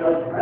Thank you.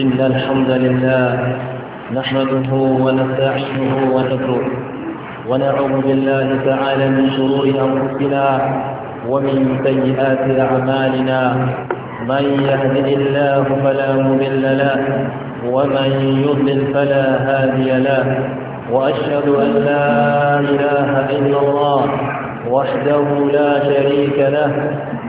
إن الحمد لله نحمده ونستعينه ونستغفره ونعوذ بالله تعالى من شرور أنفسنا ومن سيئات أعمالنا من يهده الله فلا مضل له ومن يضلل فلا هادي له وأشهد أن لا إله إلا الله وحده لا شريك له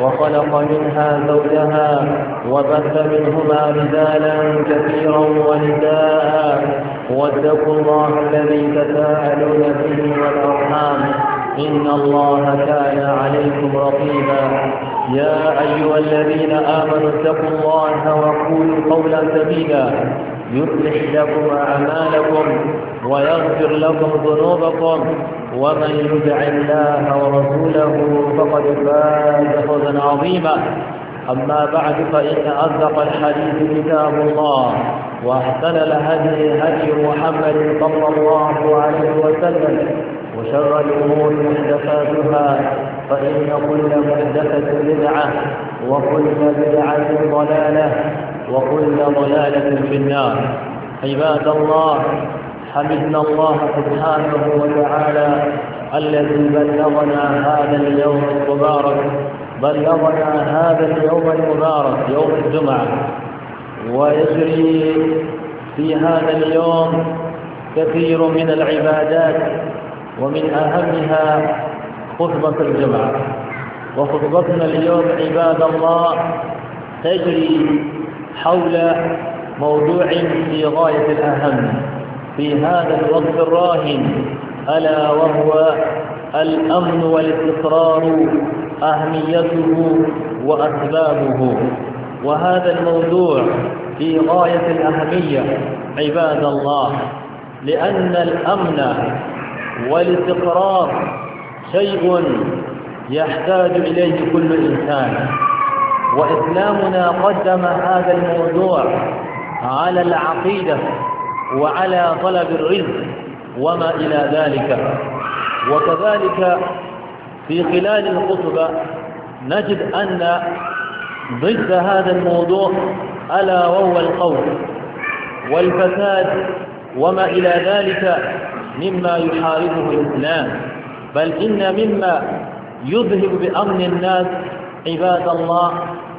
وخلق منها زوجها وبث منهما رجالا كثيرا ونساء واتقوا الله الذي تساءلون به والأرحام إن الله كان عليكم رقيبا يا أيها الذين آمنوا اتقوا الله وقولوا قولا سبيلا يصلح لكم أعمالكم ويغفر لكم ذنوبكم ومن يدع الله ورسوله فقد فاز فوزا عظيما أما بعد فإن أصدق الحديث كتاب الله وأحسن الهدي هدي محمد صلى الله عليه وسلم وشر الأمور محدثاتها فإن كل محدثة بدعة وكل بدعة ضلالة وكل ضلالة في النار عباد الله حمدنا الله سبحانه وتعالى الذي بلغنا هذا اليوم المبارك بلغنا هذا اليوم المبارك يوم الجمعة ويجري في هذا اليوم كثير من العبادات ومن أهمها خطبة الجمعة وخطبتنا اليوم عباد الله تجري حول موضوع في غاية الأهم في هذا الوقت الراهن ألا وهو الأمن والاستقرار أهميته وأسبابه وهذا الموضوع في غاية الأهمية عباد الله لأن الأمن والاستقرار شيء يحتاج إليه كل إنسان وإسلامنا قدم هذا الموضوع على العقيدة وعلى طلب الرزق وما إلى ذلك وكذلك في خلال الخطبة نجد أن ضد هذا الموضوع ألا وهو القول والفساد وما إلى ذلك مما يحاربه الإسلام بل إن مما يذهب بأمن الناس عباد الله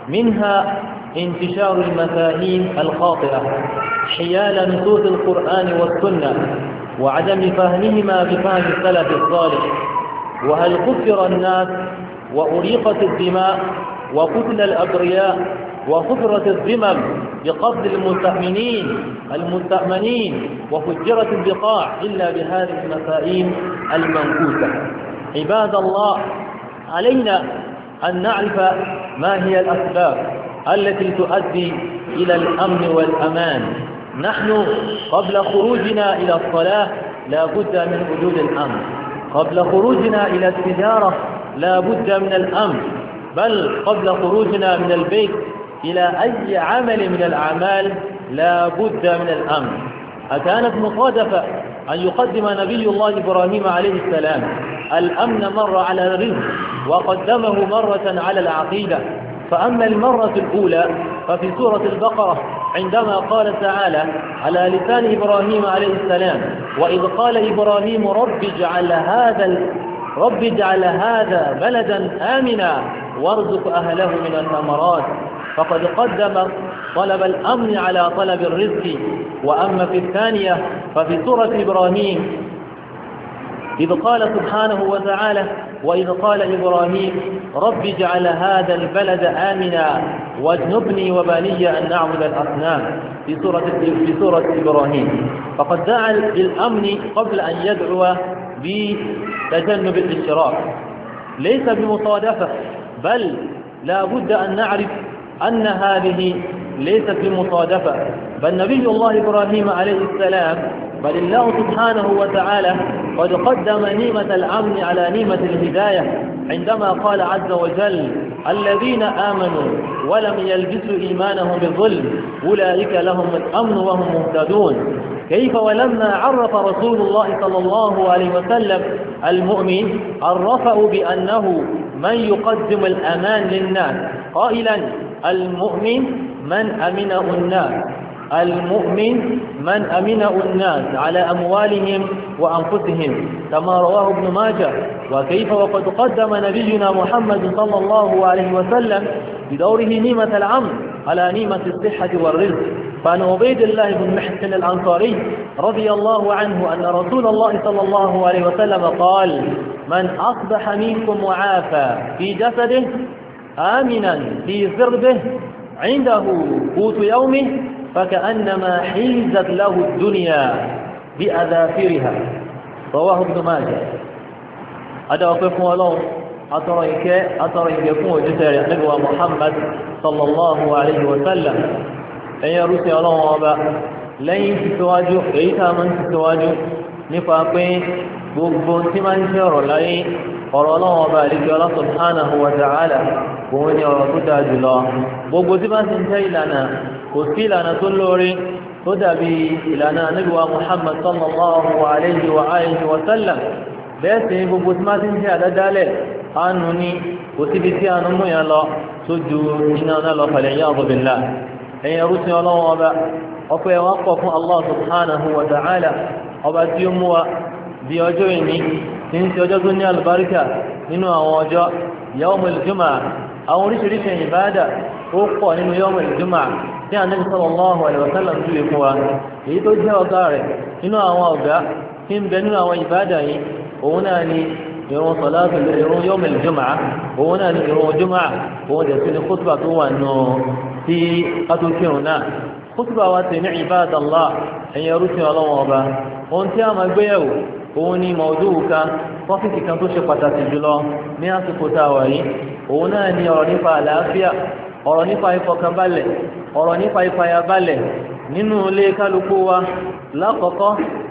منها انتشار المفاهيم الخاطئة حيال نصوص القرآن والسنة وعدم فهمهما بفهم السلف الصالح وهل كفر الناس وأريقت الدماء وقتل الأبرياء وفجرت الذمم بقصد المستأمنين المستأمنين وفجرت البقاع إلا بهذه المفاهيم المنكوسة عباد الله علينا أن نعرف ما هي الأسباب التي تؤدي إلى الأمن والأمان نحن قبل خروجنا إلى الصلاة لا بد من وجود الأمن قبل خروجنا إلى التجارة لا بد من الأمن بل قبل خروجنا من البيت إلى أي عمل من الأعمال لا بد من الأمر أكانت مصادفة أن يقدم نبي الله إبراهيم عليه السلام الأمن مرة على الرزق وقدمه مرة على العقيدة فأما المرة الأولى ففي سورة البقرة عندما قال تعالى على لسان إبراهيم عليه السلام وإذ قال إبراهيم رب اجعل هذا رب اجعل هذا بلدا آمنا وارزق أهله من الثمرات فقد قدم طلب الأمن على طلب الرزق وأما في الثانية ففي سورة إبراهيم إذ قال سبحانه وتعالى وإذ قال إبراهيم رب اجعل هذا البلد آمنا واجنبني وبني أن نعبد الأصنام في سورة, في سورة إبراهيم فقد دعا بالأمن قبل أن يدعو بتجنب الاشتراك ليس بمصادفة بل لا بد أن نعرف أن هذه ليست بمصادفة بل نبي الله إبراهيم عليه السلام بل الله سبحانه وتعالى قد قدم نيمة الأمن على نيمة الهداية عندما قال عز وجل الذين آمنوا ولم يلبسوا إيمانهم بالظلم أولئك لهم الأمن وهم مهتدون كيف ولما عرف رسول الله صلى الله عليه وسلم المؤمن عرفه بأنه من يقدم الأمان للناس قائلا المؤمن من أمنه الناس المؤمن من أمنه الناس على أموالهم وأنفسهم كما رواه ابن ماجه وكيف وقد قدم نبينا محمد صلى الله عليه وسلم بدوره نيمة العم على نيمة الصحة والرزق فعن عبيد الله بن محسن الأنصاري رضي الله عنه أن رسول الله صلى الله عليه وسلم قال من أصبح منكم وعافى في جسده آمنا في زربه عنده قوت يومه فكأنما حيزت له الدنيا بأذافرها رواه ابن ماجه هذا وقف ولو أتريك أتريك يكون جسر نبوة محمد صلى الله عليه وسلم أن يرسي الله أبا لن تتواجه ليس من تتواجه nípa pé gbogbo tí ọ̀rọ̀ ọlọ́run ọba àdìgbẹ́ ọlọ́sọ̀ hánà wọ sàálà òun ni ọ̀rọ̀ tó dáa jùlọ gbogbo tí bá ti ń jẹ́ ìlànà kò sí ìlànà tó lórí tó dàbí ìlànà níbiwa Muhammad sallallahu alayhi wa alihi wa sallam bẹ́ẹ̀ sì ni gbogbo tí bá ti ń jẹ́ àdádálẹ̀ ánú ni kò síbi tí ánú mú yẹn lọ tó ju iná náà lọ fàlẹ̀ yá ọ̀gbìn ńlá ẹ̀yin rúṣin ọlọ́run ọba ọpẹ́ wa pọ̀ fún Allah subhanahu wa ta'ala ọba tí ó mú wa di ọjọ́ ìní tí ń ṣe ọjọ́ tó ní alùbáríkà nínú àwọn ọjọ́ yawmul jumu'a àwọn oríṣiríṣi ìbáàdà ó pọ̀ nínú yawmul jumu'a tí a nẹ́bí sallallahu alaihi wasallam ju lè fún wa èyí tó jẹ́ ọ̀gá rẹ̀ nínú àwọn ọ̀gá tí ń bẹ nínú àwọn ìbáàdà yìí òun náà ni ìrun sọ̀láàtù ìrun yawmul jumu'a òun náà ni ìrun jumu'a òun dẹ̀ sí ni tó wà nù sí kátó kútùbà wa ti ní ìbáàdà Allah ẹ̀yẹ rúṣin ọba ohun tí a máa gbéyàwó Owone ịma ọdụ ụka. Kọfịntị kanto che pataki bi lọ. N'asịkọ taa ọrịa yi, owona na-enye ọrọ n'ịkpa ala Ọrọ n'ịkpa ịkpọka Ọrọ n'ịkpa ịkpa ya balị. ole ka wa? La kọkọ,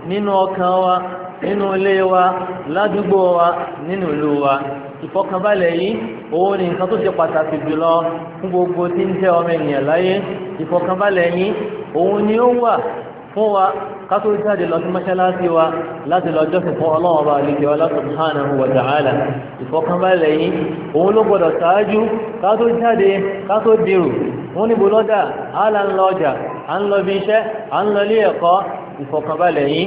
n'ịnụ ọka wa, n'ịnụ ole wa, la gbigbo wa, n'ịnụ lụwụ wa. Ịfọkwabalị yi, owone nkanto che pataki bi lọ. Mgbogbo titi omenala yi. yi, owu n'ewu a. fún wa ká tó jáde lọ sí mọ́ṣáláṣí wa láti lọ jọ́sìn fún ọlọ́wọ́ bá lè jẹ́wọ́ láti subhanahu wa ta'ala ìfọkànbalẹ̀ yìí òun ló gbọdọ̀ ṣáájú ká tó jáde ká tó dèrò wọ́n níbo lọ́jà àálà ń lọ ọjà à ń lọ bí iṣẹ́ à ń lọ ilé ẹ̀kọ́ ìfọkànbalẹ̀ yìí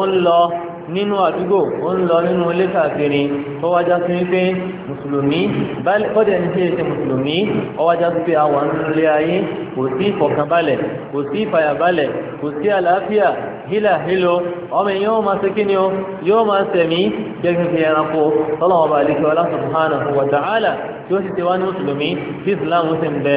òun nínú àdúgbò ó ń lọ nínú ilé káàkiri tó wájá sí wípé mùsùlùmí kọ́dẹ̀ ní ṣe ṣe mùsùlùmí ó wájá sí pé àwọn ilé ayé kò sí ìfọ̀kànbalẹ̀ kò sí ìfàyàbalẹ̀ kò sí àlàáfíà hílà hílò ọmọ èèyàn yóò máa ṣe kí ni o yóò máa sẹ̀mí gẹ́gẹ́ bí ẹranko tọ́lọ́wọ́ bá lè kí ọlá subhanahu wa ta'ala tí ó sì ti wá ní mùsùlùmí tí islam sì ń bẹ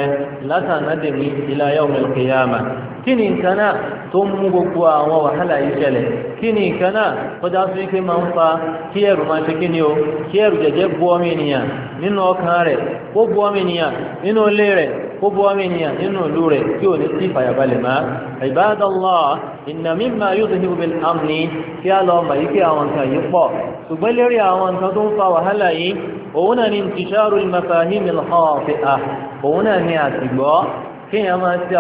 látànádèmí ila yawmil qiyamah kí ni nǹkan náà tó ń mú gbogbo àwọn wàhálà yìí ṣẹlẹ̀ kí ni nǹkan tó dá sí pé máa ń fa kí ẹ̀rù máa ṣe kí ni o kí ẹ̀rù jẹ̀jẹ̀ bu ọmọ ènìyàn nínú ọkàn rẹ̀ ó bu ọmọ ènìyàn nínú ilé rẹ̀ kó bu ọmọ ènìyàn nínú ìlú rẹ̀ tí ò ní sí ìfàyàbalẹ̀ máa Ibadallah inna mimma yudhibu bil amni kí á lọ mọ̀ yí kí àwọn nǹkan yìí pọ̀ ṣùgbọ́n lérí àwọn nǹkan tó ń fa wàhálà yìí òun náà ni intisharu al-mafahim al-khati'ah òun náà ni àtìgbọ́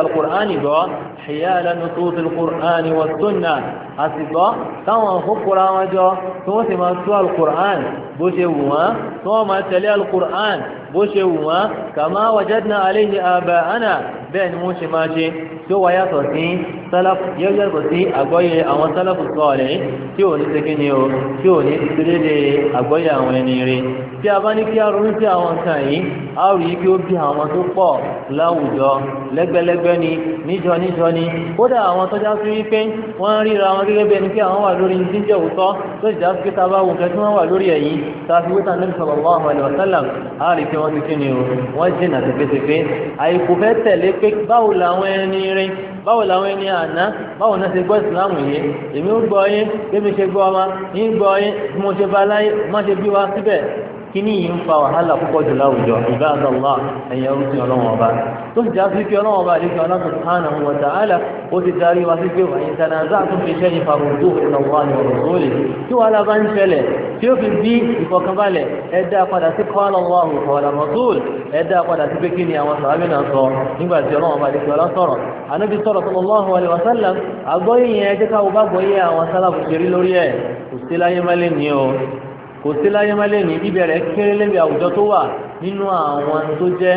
القرآن با حيال نصوص القرآن والسنة أصبا سواء فقرا وجا ثم سوى القرآن بجوا ثم تلي القرآن bó ṣe wù wọ́n kàmá wajadna alayhi aba'ana bẹ́ẹ̀ ni wọ́n ṣe máa ṣe tó wà yàtọ̀ sí sálàfù yẹ́yẹ́tọ̀ sí àgbọ́yé àwọn sálàfù sọ́ọ̀lẹ̀ tí ò ní tẹ́kí ni o tí ò ní tẹ́lẹ̀lẹ̀ àgbọ́yé àwọn ẹni rí tí a bá ní kí a ronú sí àwọn nǹkan yìí a rí kí ó bí àwọn tó pọ̀ láwùjọ lẹ́gbẹ́lẹ́gbẹ́ ni níjọ níjọ ni kódà àwọn tọ́já sí wípé wọ́n ríra wọn gẹ́gẹ́ bí ẹni pé àwọn wà lórí ní jíjẹ́ òótọ́ tó sì já sí pé ta bá wù tí wọ́n wà lórí ẹ̀yìn ta fi wíta nílùú sallallahu wọ́n ti kí ni o wọ́n jìnà tẹ́fẹ́tẹ́fẹ́ àìkú fẹ́ tẹ̀lé pé báwo làwọn ẹni rìn báwo làwọn ẹni àná báwo náà ṣe gbọ́ ìsìláàmù yìí èmi ń gbọ́ yín bí mi ṣe gbọ́ ọmọ yín gbọ́ yín mo ṣe bá láyé mo ṣe bí wa síbẹ̀ kíní yìí ń fa wàhálà púpọ̀ jù láwùjọ ìbáàdọ́lá ẹ̀yẹ orúkú ọlọ́wọ́ ọba tó ti já sí pé ọlọ́wọ́ ọba àdékù aláṣọ sùhánà wa ta'ala ó ti darí wa sí pé wàyí tana zá tó fi ṣẹ́ ìfarúdó ìlọ́wọ́ ni ọ̀rọ̀ sóòlì tí wàhálà bá ń ṣẹlẹ̀ tí ó fi bí ìfọkànbalẹ̀ ẹ̀dá padà sí kọ́lọ́wọ́hù kọ́lá mọ́tòl ẹ̀dá padà sí pé kí ni àwọn sàábì náà sọ nígbà tí kò sí láyé má lè ní bíbẹ̀rẹ̀ kéré lébi àwùjọ tó wà nínú àwọn tó jẹ́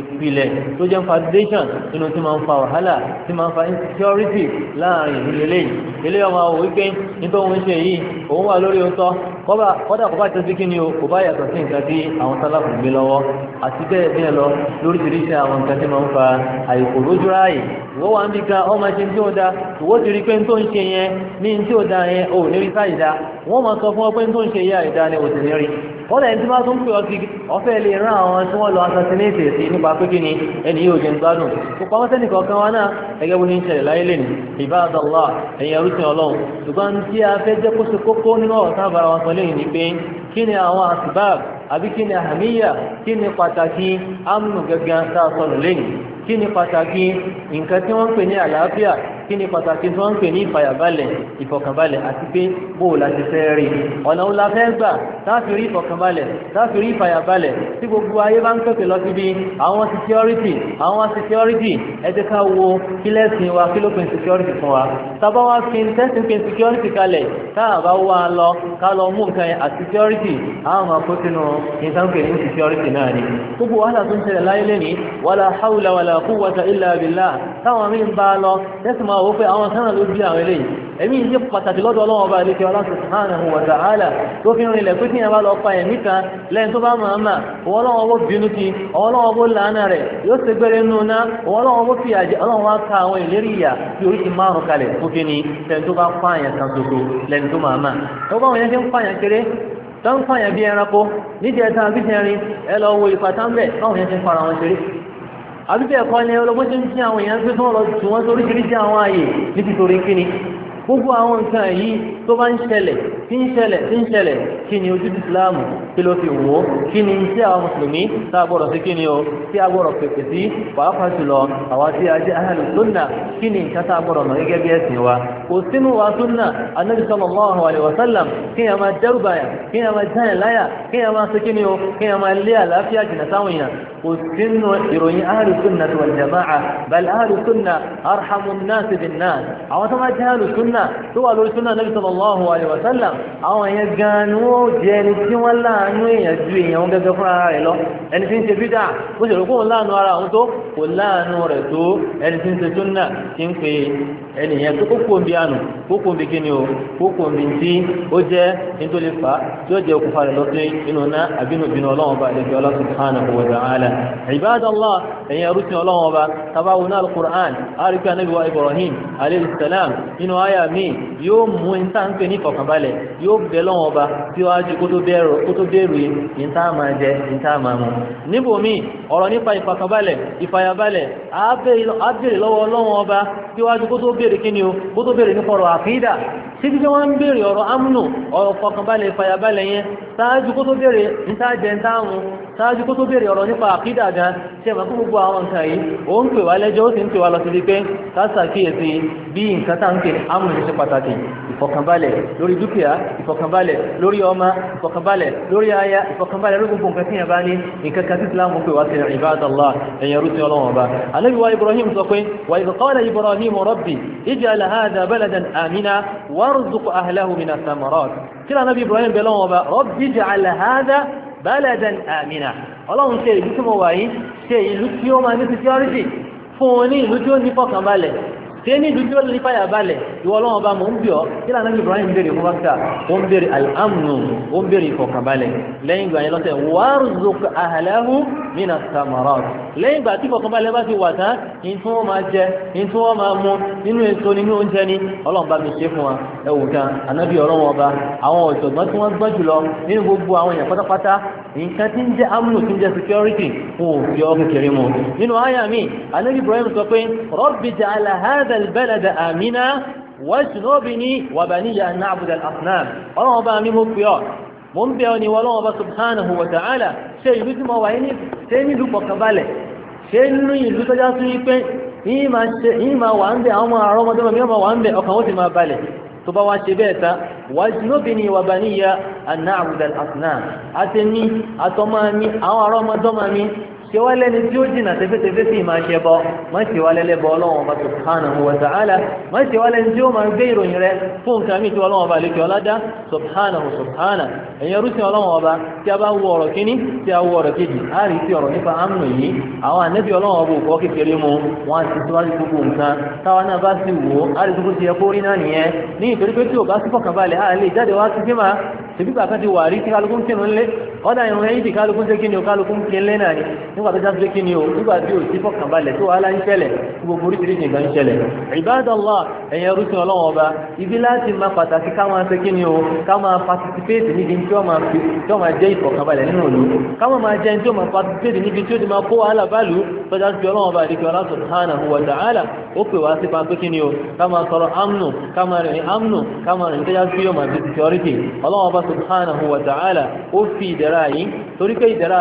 ìpìlẹ̀ tó jẹ́ foundation nínú tí máa ń fa wàhálà tí máa ń fa insecurity láàrin ìlú lélẹ́yìn eléyà máa wò wípé nítorí òun ṣe yìí òun wà lórí oúntọ́ kọ́dà kọ́bà tó sí kí ni o kò bá yàtọ̀ sí nǹkan tí àwọn sálàfù gbé lọ́wọ́ àti bẹ́ẹ̀ bẹ́ẹ̀ lọ lóríṣiríṣi àwọn nǹkan tí máa ń fa àìkò lójú ráàyè ìwọ́ wa ń bí ga ọmọ ṣe tí ó da ìwọ́ ti rí pé tó ń ṣe yẹn ní tí ó da yẹn ò ní rí sáì wọ́n máa sọ fún ọ pé tó ń ṣe yẹ àìda ni nípa pé kí ni ẹni yóò jẹ ń gbádùn kò pamọ́ sẹ́ni kọ̀ọ̀kan wa náà ẹgẹ́ bó ṣe ń ṣẹlẹ̀ láyé lè ní ìbáàdọ́lá ẹ̀yìn ẹrúsìn ọlọ́run ṣùgbọ́n tí a fẹ́ jẹ́ kó ṣe kókó nínú ọ̀rọ̀ tá a bára wa sọ pé kí ni àwọn àsìbáàb àbí kí ni àhàmíyà kí ni pàtàkì amnu gangan tá lẹ́yìn kí ni pàtàkì nǹkan tí wọ́n ń pè ní àlàáfíà kí ni pàtàkì tí wọ́n ń pè ní ìfàyàbalẹ̀ ìfọ̀kànbalẹ̀ àti pé bóò láti fẹ́ rí ọ̀nà òun la fẹ́ gbà láti rí ìfọ̀kànbalẹ̀ láti rí ìfàyàbalẹ̀ tí gbogbo ayé bá ń pèpè lọ síbi àwọn security àwọn security ẹ ká wo kí wa kí ló pin security fún wa tábà wá fi tẹ́sìn pin security kalẹ̀ táà wá lọ ká lọ mú nǹkan yẹn àti security àwọn máa kó sínú ìtànkè ní security náà ni gbogbo wàhálà tó ń ṣẹlẹ̀ láyé lẹ́ni wàlà haúlà wàlà kúwàtà ìlà àbìlà táwọn mí ń bá lọ tẹ́sìn máa máa wó pé àwọn sẹ́ràn ló bí àwọn eléyìí ẹ̀mí yìí pàtàkì lọ́dọ̀ ọlọ́wọ́ ọba ilé kí ọlá subhanahu wa ta'ala tó fi rìn ilẹ̀ pé tí yẹn bá lọ pa ẹ̀mí kan lẹ́yìn tó bá máa mà ọlọ́wọ́ bó bínú ti ọlọ́wọ́ bó làánà rẹ̀ yóò ṣe gbére nù ná ọlọ́wọ́ bó fi àjẹ ọlọ́wọ́ wá ka àwọn ìlérí ìyà bí àbíbẹ̀ ẹ̀kọ́ ni ọlọ́gbọ́n tí ń tí àwọn èèyàn gbé tó lọ jù wọ́n sórí kìrìsì àwọn ààyè níbi torí kíni gbogbo àwọn nǹkan yìí tó bá ń ṣẹlẹ̀ tí ń ṣẹlẹ̀ tí ń ṣẹlẹ̀ kí ni ojú ìsìláàmù kí ló fi wò kí ni tí àwọn mùsùlùmí tá a gbọ́dọ̀ sí kí ni o tí a gbọ́dọ̀ pèpè sí pàápàá jùlọ àwa tí a jẹ́ ahàlù sunna kí ni nǹkan tá a gbọ́dọ̀ mọ̀ gẹ́gẹ́ bí ẹ̀sìn wa kò sínú wa sunna anábì sallallahu alaihi wasallam kí a máa dẹ́rù bàyà kí a máa dáyà láyà kí a máa sí kí ni o kí a máa lé àlàáfíà jìnà táwọn èèyàn kò sínú ìròyìn ahàlù sunna wal jama'a bal ahàlù sunna arhamun nas bin nas àwọn tó máa jẹ́ ahàlù sunna tó wà lórí sunna anábì sallallahu alaihi wasallam àwọn èèyàn gan ni wọ́n yóò jẹ ẹni tí wọ́n láàánú èèyàn ju èèyàn gẹ́gẹ́ fún ara rẹ̀ lọ ẹni tí ń ṣe bídà ó ṣèlú kóun láàánú ara òun tó kò láàánú rẹ̀ tó ẹni tí ń ṣe súnà ti ń pe ẹni yẹn tó kókó ń bi àánú kókó ń bi kíni o kókó ń bi tí ó jẹ́ nítorí fa tí ó jẹ́ okùnfà rẹ̀ lọ́sẹ̀ inú náà àbínú ọlọ́wọ́n ba ẹ̀jẹ̀ Allah subhanahu wa ta'ala ibadallah ẹ̀yin arúgbìn síwájú kó tó bẹ̀rù yìí ní tá a máa jẹ ní tá a máa mú níbòmíì ọ̀rọ̀ nípa ìfàkàbalẹ̀ ìfàyàbalẹ̀ àbèrè lọ́wọ́ ọlọ́wọ́ ọba tí wájú kó tó bèèrè kí ni o kó tó bèèrè nípa ọ̀rọ̀ àkídà títí tí wọ́n ń bèèrè ọ̀rọ̀ amúnù ọ̀rọ̀ fọkànbalẹ̀ ìfàyàbalẹ̀ yẹn sáájú kó tó bèèrè ntájẹ ntáhùn sáájú kó tó bèèrè ọ̀rọ̀ nípa àkídà gan tí ẹ̀mà kó gbogbo àwọn nǹkan yìí ó ń pè wá lẹ́jọ́ ó sì ń pè wá lọ síbi pé kásàkíyèsí bí nǹkan tá ń pè amúnù ṣe pàtàkì ìfọkànbalẹ̀ lórí dúkìá ìfọkànbalẹ̀ lórí ọmọ ìfọkànbalẹ̀ lórí aya ìfọkànbalẹ̀ lórí gbogbo nǹkan tí yẹn bá ní nǹkan kan ya ibadallah ẹ̀yẹ rúsí ọlọ́run ọba anábì wa ibrahim sọ pé wa idh qala ibrahim rabbi ij'al hadha baladan amina warzuq ahlahu min ath-thamarat kí lànà bí ibrahim bẹ̀lọ́ ọba rabbi ij'al hadha baladan amina ọlọ́run ṣe ìlú tí mo wà yìí ṣe ìlú tí ó máa ní ṣe ní ìlú tí ó lè fàyà balẹ̀ ìwọ ọlọ́wọ́n bá mọ̀ ń bí ọ kí lànà Ibrahim béèrè fún wákàtà ó ń béèrè al-amnu ó ń béèrè ìfọ̀kànbalẹ̀ lẹ́yìn ìgbà yẹn lọ́tẹ̀ warzuq ahlahu mina samarat lẹ́yìn ìgbà tí ìfọ̀kànbalẹ̀ bá ti wà tán ní tí wọ́n máa jẹ ní tí wọ́n máa mu nínú èso nínú oúnjẹ ni ọlọ́run bá mi ṣe fún wa ẹwù kan ànábì ọlọ́run ọba àwọn ọ̀jọ̀gbọ́n tí nǹkan tí ń jẹ́ amúlò tí ń jẹ́ security fún òfin ọkùnkiri mu nínú àyà mi ànábì Ibrahim sọ pé rabbi ja'ala هذا البلد آمنا واجنبني وبني أن نعبد الأصنام الله أبا ميمو فيار ممبعني والله أبا سبحانه وتعالى شيء يجب ما وعيني سيني ذو بقبالي شيء يجب تجاسي يبين إيما وعنده أما عرام دم ميما وعنده أخوات ما بالي تبا واشبيتا واجنبني وبني أن نعبد الأصنام أتني أتمامي أو عرام دمامي ṣe wá lẹ́ni tí ó jìnà tẹ́fẹ́tẹ́fẹ́ sí máa ṣe bọ́ má ṣe wá lẹ́lẹ́ bọ́ ọlọ́run ọba subhanahu wa ta'ala má ṣe wá lẹ́ni tí ó máa gbé ìròyìn rẹ fún nǹkan mi tí ọlọ́run ọba lèkì ọládá subhanahu subhana ẹ̀yin rúṣin ọlọ́run ọba tí a bá wo ọ̀rọ̀ kíní tí a wo ọ̀rọ̀ kejì a rí sí ọ̀rọ̀ nípa amnu yìí àwọn ànẹ́bí ọlọ́run ọba òkọ́ kékeré mu wọn àti síwájú gbogbo nǹkan táwa náà bá sì wò ó a rí gbogbo ti lè jáde wá sí fíìmà ṣèbí bàbá sí nígbà tó jáde kí ni o nígbà tí o ti fọkàn balẹ̀ tó wàhálà ń ṣẹlẹ̀ tí gbogbo oríṣiríṣi nǹkan ń ṣẹlẹ̀ ìbádọ́lá ẹ̀yẹ rúṣin ọlọ́wọ́ ọba ibi láti máa pàtàkì ká máa ṣe kí ni o ká máa patisipéètì níbi tí ó máa jẹ́ ìfọkànbalẹ̀ nínú òlu ká máa jẹ́ tí ó máa patisipéètì níbi tí ó ti máa kó wàhálà báàlù tọ́jà sí ọlọ́wọ́ ọba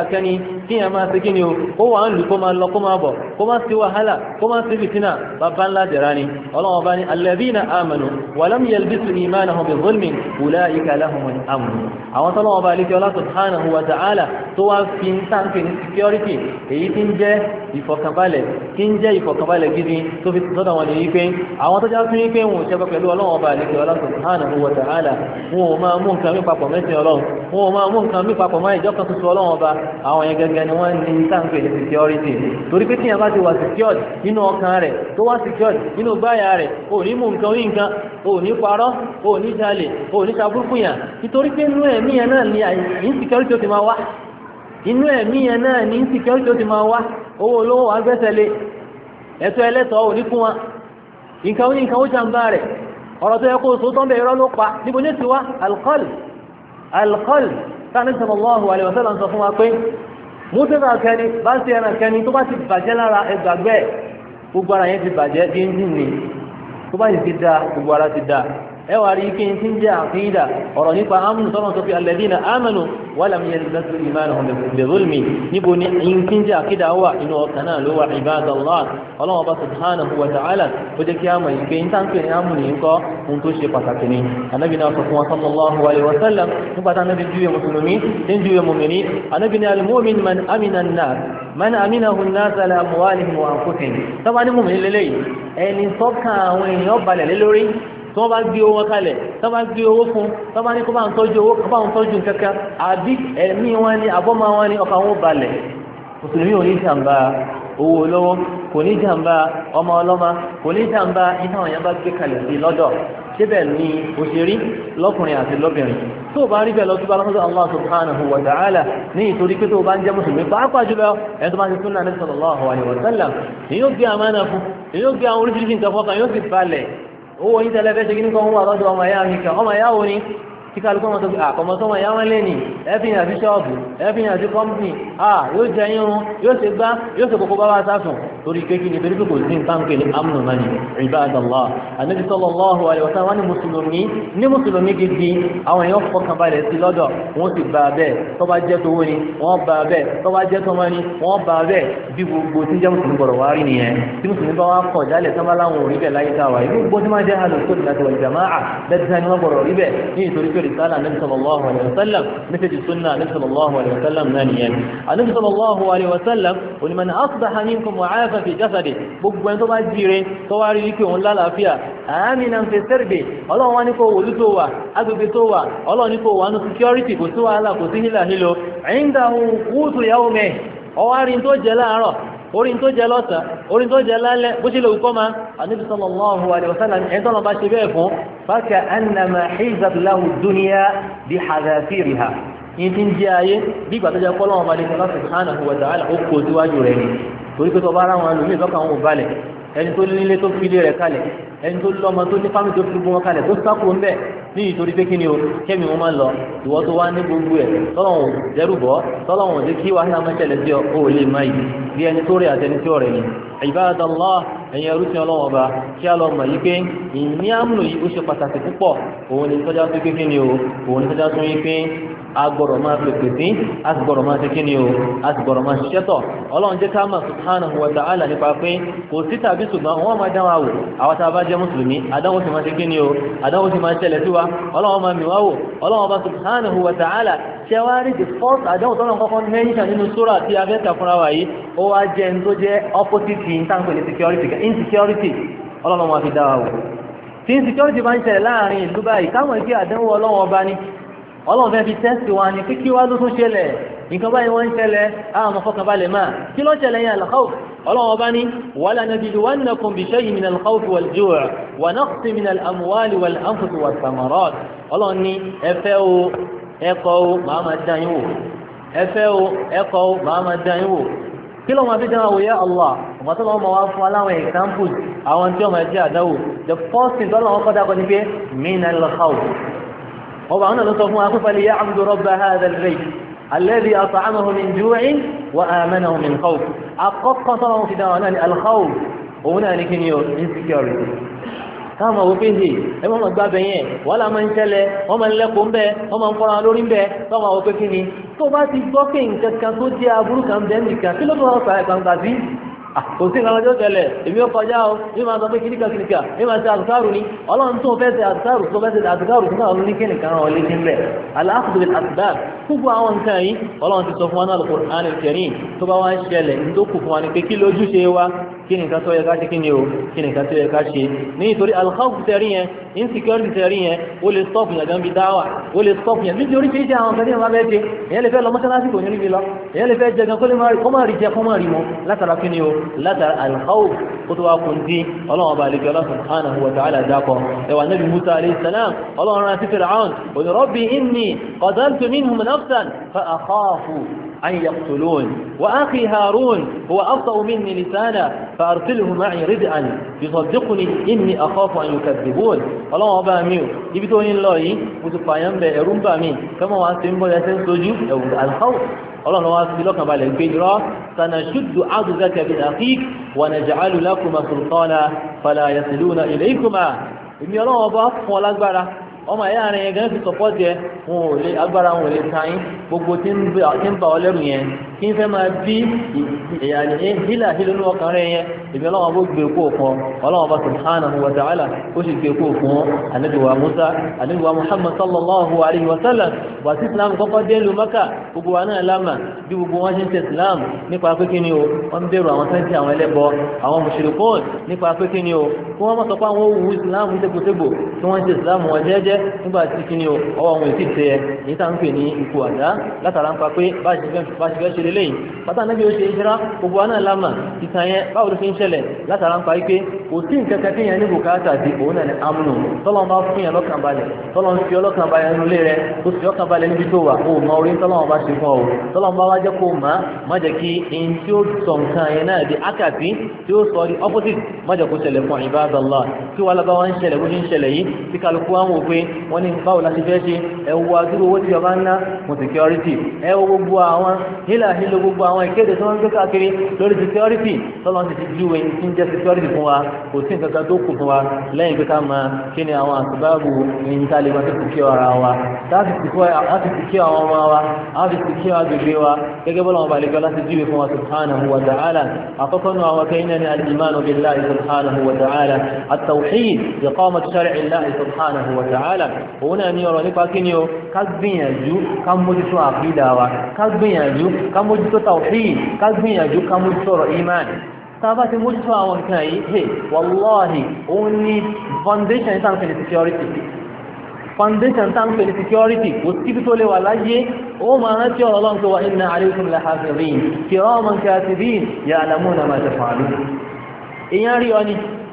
àdìgbò kíyàn máa ṣe kí ni o ó wà ń lù kó máa lọ kó máa bọ̀ kó máa ṣe wàhálà kó máa ṣe fìtínà bàbá ńlá jẹ̀rá ni ọlọ́wọ́n bá ní alladhina amanu wa lam yalbisu imanahum bi zulmin ulaika lahumul amn àwọn tọ́lọ́wọ́n bá lékẹ́ ọlá subhanahu wa ta'ala tó wá fi ń tàǹkì ní security èyí tí ń jẹ́ ìfọ̀kànbalẹ̀ tí ń jẹ́ ìfọ̀kànbalẹ̀ gidi tó fi sọ́dọ̀ wọn nìyí pé àwọn tó já sí ní pé wọn ò ṣẹ́gbẹ́ pẹ̀lú ọlọ́wọ́n bá lékẹ́ ọlá subhanahu wa ta'ala wọn ò máa mú nǹkan mí papọ̀ mẹ́sìn ọlọ́run wọn ò máa mú nǹkan mí papọ̀ mọ́ ìjọ yẹn ni wọ́n ní sáǹpé ní security torí pé tíyẹn bá ti wà secured nínú ọkàn rẹ̀ tó wà secured nínú báyà rẹ̀ ò ní mú nǹkan orí nǹkan ò ní parọ́ ò ní jalè ò ní saburúkú yàn nítorí pé inú ẹ̀mí yẹn náà ni insecurity ó ti máa wá inú ẹ̀mí yẹn náà ni insecurity ó ti máa wá owó olówó wà gbẹ́sẹ̀ lé ẹ̀tọ́ ẹlẹ́tọ̀ọ́ ò ní fún wa nǹkan ó nǹkan ó jàǹbá rẹ̀ ọ̀rọ̀ tó yẹ kó oṣù tó ń ló pa níbo ní ti wá alqalb alqalb sáà ní sọ̀rọ̀ lọ́hùn àlẹ́ wọ́sẹ̀ lọ́n sọ fún wa pé mọ́tẹ́fà kẹni bá ṣe ẹran kẹni tó bá ti bàjẹ́ lára ẹgbàgbẹ́ gbogbo ara yẹn ti bàjẹ́ díndín ni tó bá yìí ti da gbogbo ara ti da ẹwà rí kí n ti ń jẹ́ àkídà ọ̀rọ̀ nípa amúnù tọ́nà tó fi alladhina amanu walam yalbasu imanuhum bi zulmi níbo ni n ti ń jẹ́ àkídà wà inú ọkàn náà ló wà ibadallah ọlọ́wọ́n bá subhanahu wa ta'ala ó jẹ́ kí a mọ̀ yìí pé n tá ń pè ní amúnù yìí kọ́ ohun tó ṣe pàtàkì ni anábì náà sọ fún wa sallallahu alayhi wa sallam nígbà tá anábì juwe tí wọ́n bá gbé owó wọn kalẹ̀ tí wọ́n bá gbé owó fún tí wọ́n bá ní kó bá ń tọ́jú owó kó bá ń tọ́jú kankan àbí ẹ̀mí wọn ni àbọ́mọ wọn ni ọkàn wọn balẹ̀ mùsùlùmí ò ní jàǹbá owó olówó kò ní jàǹbá ọmọ ọlọ́mọ kò ní jàǹbá iná ọ̀yàn bá gbé kalẹ̀ sí lọ́dọ̀ síbẹ̀ ni òṣèré lọ́kùnrin àti lọ́bìnrin tó bá rí bẹ́ẹ̀ lọ bá lọ́sọ̀rọ̀ Allah subhanahu wa ta'ala ní ìtorí pé tó bá ń jẹ́ mùsùlùmí pàápàá jùlọ ẹni tó bá ti sunna Nabi sallallahu alaihi wa sallam èyí ó gbé àmánà fún èyí ó gbé àwọn oríṣiríṣi nǹkan fọkàn yóò sì balẹ̀ owó yín tẹ́lẹ̀ fẹ́ ṣe kí ní kan wọ́n wà lọ́dọ̀ ọmọ ẹ̀yà mi kẹ́ ọmọ ẹ̀yà wo ni kí kálukú wọn tó fi àkọmọ sọmọ ìyá wọn lẹ́nì ẹ̀fìn àti ṣọ́ọ̀bù ẹ̀fìn àti kọ́mpì à yóò jẹ irun yóò ṣe gbá yóò ṣe kókó bábá sáfùn torí pé kí ni bẹ́rẹ̀ kò sí nǹkan pẹ̀lú amúnumani ibadallah anabi sallallahu alaihi wasallam wọn ni mùsùlùmí ní mùsùlùmí gidi àwọn èèyàn fọkàn balẹ̀ sí lọ́dọ̀ wọn sì bá bẹ́ẹ̀ tó bá jẹ́ tówó ni wọ́n bá bẹ́ẹ̀ tó bá jẹ́ tọ́mọ ni wọ́n bá bẹ́ẹ̀ bí gbogbo tí jẹ́ mùsùlùmí gbọ̀rọ̀ wá rí nìyẹn tí mùsùlùmí bá wá kọ̀ jálẹ̀ sábà láwọn òrí láyé rufe risala annabi sallallahu alaihi wasallam nufi sunna annabi sallallahu alaihi wasallam na niyan annabi sallallahu alaihi wasallam wani man asbaha minkum mu'afa fi jasadi gbogbo ẹni tó bá jíire tó wá rí wípé òun lálàáfíà àmìnà fi sẹ́rẹ̀bẹ̀ ọlọ́run wá ní kó wòlú tó wà agbègbè tó wà ọlọ́run ní kó wà ní security kò sí wàhálà kò sí hílàhílo ẹ̀yìn dáhùn kúùtù yàwó mẹ́ ọwárin tó jẹ láàárọ̀ orin tó jẹ lọ́sàn orin tó jẹ lálẹ́ bó ṣe lè kọ́ ma àníbi sallallahu alaihi wasallam ẹni tọ́lọ bá ṣe bẹ́ẹ̀ fún fákà annama hizablahu dúníà bí hazafiri ha yìí ti ń jẹ́ ayé bí ìgbà tó jẹ́ kọ́ lọ́wọ́ balẹ̀ kọ́lá subhanahu wa ta'ala ó kó síwájú rẹ̀ ni torí pé tó bá ara wọn lómi ìtọ́ka wọn ò balẹ̀ ẹni tó nílé tó fi ilé rẹ̀ kalẹ̀ ẹni tó lọ́mọ tó ní fámì tó fi gbogbo wọn tó sákò ń bẹ̀ ní ìtorí pé kí ni o kẹ́mi wọn máa ń lọ ìwọ tó wá ní gbogbo ẹ̀ tọ́lọ́wọ̀n dẹ́rù bọ́ tọ́lọ́wọ̀n dé kí wàhálà máa ṣẹlẹ̀ sí ọ ó lè má yìí bí ẹni tó rẹ̀ àtẹni tí ó rẹ̀ ni ìbáadàlá ẹ̀yẹ orúkẹ ọlọ́wọ́ ọba kí a lọ mọ̀ yí pé ìní àmúlò yìí ó ṣe pàtàkì púpọ̀ òun ni tọ́já tó kékeré ni o òun ni tọ́já tó yí pé a gbọ́dọ̀ máa pèpè sí a sì gbọ́dọ̀ máa kékeré o a máa ṣiṣẹ́ tọ̀ ọlọ́run jẹ́ ká máa subhanahu wa ta'ala nípa pé kò sí tàbí ṣùgbọ́n wọ́n máa dán wa wò àwọn tá a bá jẹ́ mùsùlùmí àdánwò sì máa ṣe kí ni o àdánwò sì máa ṣẹlẹ̀ sí wa ọlọ́run máa mì wá wò ọlọ́run ọba subhanahu wa ta'ala tẹwárí the first àdéhùn tọ́lọ̀ kọ́kọ́ mẹ́ńṣà nínú sóra tí a fẹ́ kàfúnra wà yìí ó wá jẹ́ ń tó jẹ́ opposite intanko ní insecurity ọlọ́run wọn fi dá wa wò tí insecurity bá ń ṣẹlẹ̀ láàrin ìlú báyìí káwọn ìpè àdéhùn ọlọ́run ọba ni ọlọ́run fẹ́ fi tẹ́sì wa ni kíkí wá ló tún ṣẹlẹ̀ nǹkan báyìí wọ́n ń ṣẹlẹ̀ àwọn ọmọfọkànbalẹ̀ máa kí ló ṣẹlẹ̀ yẹn al-khawf ọlọ́run ọba ní wala nabluwannakum bishay'in min al-khawfi wal-ju'i wa naqsin min al-amwali wal-anfusi wath-thamarat ọlọ́run ní ẹ fẹ́ o ẹkọ o màá máa dán yín wò ẹfẹ́ o ẹkọ o màá máa dán yín wò kí ló máa fi dán àwòyẹ Allah ọmọ tó lọ́wọ́ máa wá fún aláwọ̀ examples àwọn tí wọ́n máa jẹ́ àdáwò the first thing tọ́lọ́ wọn kọ́dá kọ́ ni pé min al-khawf ọba àwọn ọ̀dọ́ sọ fún akúfẹ́lẹ́ yá àbúdó rabba hadha al-bayt alladhi at'amahum min ju'in wa amanahum min khawf àkọ́kọ́ tọ́lọ́ wọn fi dán àwọn náà ni al òun náà ni kí ni o insecurity káwọn máa wọ pé hè ẹ má máa gbábẹ yẹn wàhálà máa ń tẹ́lẹ̀ wọ́n máa ń lẹ́kọ̀ọ́ ńbẹ lórí ńbẹ káwọn máa pé kí ni tó bá ti gbọ́ pé nǹkan kan tó jẹ́ aburú kan bẹ́ẹ̀ nìkan kí ló tó wọ́n fà gbangba sí kò sí nǹkan lọ́jọ́ tẹ̀lẹ̀ èmi ó kọjá o èmi máa sọ pé kìnìkan kìnìkan èmi máa ṣe àtúkárù ni ọlọ́run tó fẹ́ ṣe àtúkárù tó fẹ́ ṣe àtúkárù fún àwọn oníkẹ́ni kan ọ̀ létí ń bẹ̀ aláàfin bíi àtúbàr gbogbo àwọn nǹkan yìí ọlọ́run ti sọ fún wa náà lọ́kùnrin àná ìkẹrin tó bá wá ń ṣẹlẹ̀ ní tó kù fún wa ni pé kí lójúṣe wa kí ni nǹkan tó yẹ ká ṣe kí ni o kí ni nǹkan tó yẹ ká ṣe ní nítorí alkhawf tẹ̀rí yẹn insecurity tẹ̀rí yẹn ó lè stop yẹn gan bí dáwà ó lè stop yẹn níbi oríṣiríṣi àwọn kan ní ìwà bẹ́ẹ̀ ṣe èyàn lè fẹ́ lọ mọ́ṣáláṣí kò ní rí mi lọ èyàn lè fẹ́ jẹ gan kó lè má rí kó má rí jẹ kó má rí mọ́ o látara alkhawf ó tó wá kun dín ọlọ́run ọba àlejò wa ta'ala dákọ̀ ẹwà nabi musa alayhi salam ọlọ́run rántí fir'aun òní rabbi inni qataltu minhum nafsan fa akhafu أن يقتلون وأخي هارون هو أفضل مني لسانا فأرسله معي ردعا يصدقني إني أخاف أن يكذبون الله أبا ميو يبتون الله متفايم بأرون بامي كما واسم بلسان أو الخوف الله نواسي لك بالك بجرا سنشد عضدك بالأخيك ونجعل لكم سلطانا فلا يصلون إليكما إني الله أبا أصفو لك ọmọ ẹ̀yà rẹ̀ yẹn gẹ́gẹ́ fi sọ̀pọ̀ jẹ wọn ò lè agbára wọn ò lè ta yín gbogbo tí ń bà ọ lẹ́rù yẹn kí n fẹ́ máa bí ìyàní ẹ eh, hílà hílò ní ọkànrin yẹn ìbí ọlọ́wọ́n bó gbé kó fún ọlọ́wọ́n bá subhanahu wa ta'ala ó sì gbé kó fún anabiwa musa anabiwa muhammad sallallahu alayhi wa sallam wà sí islam kọ́kọ́ dé lu maka gbogbo wa náà lámà bí gbogbo wọn ṣe ń tẹ islam nípa pé kí ni o wọn bẹ̀rù àwọn sẹ́ńtì àwọn ẹlẹ́bọ àwọn mushrikun nípa pé ni o kí wọ́n sọ pé àwọn òwú islam ségbòségbò kí wọ́n ṣe islam wọn jẹ́jẹ́ nígbà tí kí ni o ọwọ́ àwọn èsì tẹ èyí tá à ní ikú àdá látara ń pa pé bá ṣe fẹ́ ṣe eléyìí pátá níbi ó ṣe ìṣẹ́ra gbogbo wa náà lámà ìtàn yẹn báwo ló fi ń ṣẹlẹ̀ látara ń parí pé kò sí nǹkan kan tí yẹn ní bùkátà sí òun náà ní amúnù tọ́lọ́n bá fún yẹn lọ́kàn balẹ̀ tọ́lọ́n fi ọlọ́kàn balẹ̀ nínú ilé rẹ tó fi ọkàn balẹ̀ níbi tó wà kó mọ orí tọ́lọ́n bá ṣe fún ọ tọ́lọ́n bá wá jẹ́ kó má má jẹ́ kí n tí ó sọ nǹkan yẹn náà di akàtí tí ó sọ di opposite má jẹ́ kó ṣẹlẹ̀ fún ibadallah kí wàá lábá wá ń ṣẹlẹ̀ bó ṣe ń ṣẹlẹ̀ yìí tí kálukú wá ń wò pé wọ́n ní báwo la ṣe fẹ́ ṣe ẹ wo owó tí ọba ń ná fún security ẹ gbogbo àwọn hílà nílò gbogbo àwọn ìkéde tó ń gbé káàkiri lórí security tọ́lọ́ ti ti júwe tí ń jẹ́ security fún wa kò sí nǹkan kan tó kù fún wa lẹ́yìn pé ká mọ kí ni àwọn àtibáàbò ẹ̀yìn tá a lè máa tó kìkì ara wa láti kìkì àwọn ọmọ wa láti kìkì agbègbè wa gẹ́gẹ́ bọ́lá wọn bá lè gbọ́ láti júwe fún wa subhanahu wa ta'ala àkọ́kọ́ nu àwọn kẹ́yìn náà ni al-iman billahi subhanahu wa ta'ala at-tawhid iqamat shar'i Allah subhanahu wa ta'ala òun náà ní ọ̀rọ̀ nípa kí ni o ká gbìyànjú ká mójútó àfídà wa ká gbìyànjú ká m mójútó tawhid ká gbìyànjú ká mójútó ọ̀rọ̀ iman tàbá ti mójútó àwọn nǹkan yìí hey wallahi òun ni foundation tá ń pè ní security foundation tá ń pè ní security kò síbi tó lè wà láyé ó máa rántí ọ̀rọ̀ ọlọ́run tó wà inna alaykum lahafizin kiraman katibin ya'lamuna ma taf'alun èèyàn rí ọ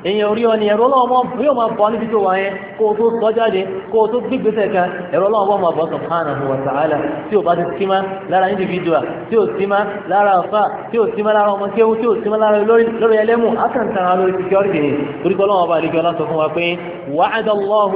èyàn orí ọni ẹ̀rọ ọlọ́wọ́ yóò máa bọ́ níbi tó wà yẹn kó o tó sọ jáde kó o tó gbígbésẹ̀ kan ẹ̀rọ ọlọ́wọ́ máa bọ́ subhanahu wa ta'ala tí o bá ti símá lára individual tí o símá lára ọ̀fà tí o símá lára ọmọ kéwú tí o símá lára lórí ẹlẹ́mù akàntara lórí security ni torí pé ọlọ́wọ́ bá rí kí ọlá fún wa pé wa'adallahu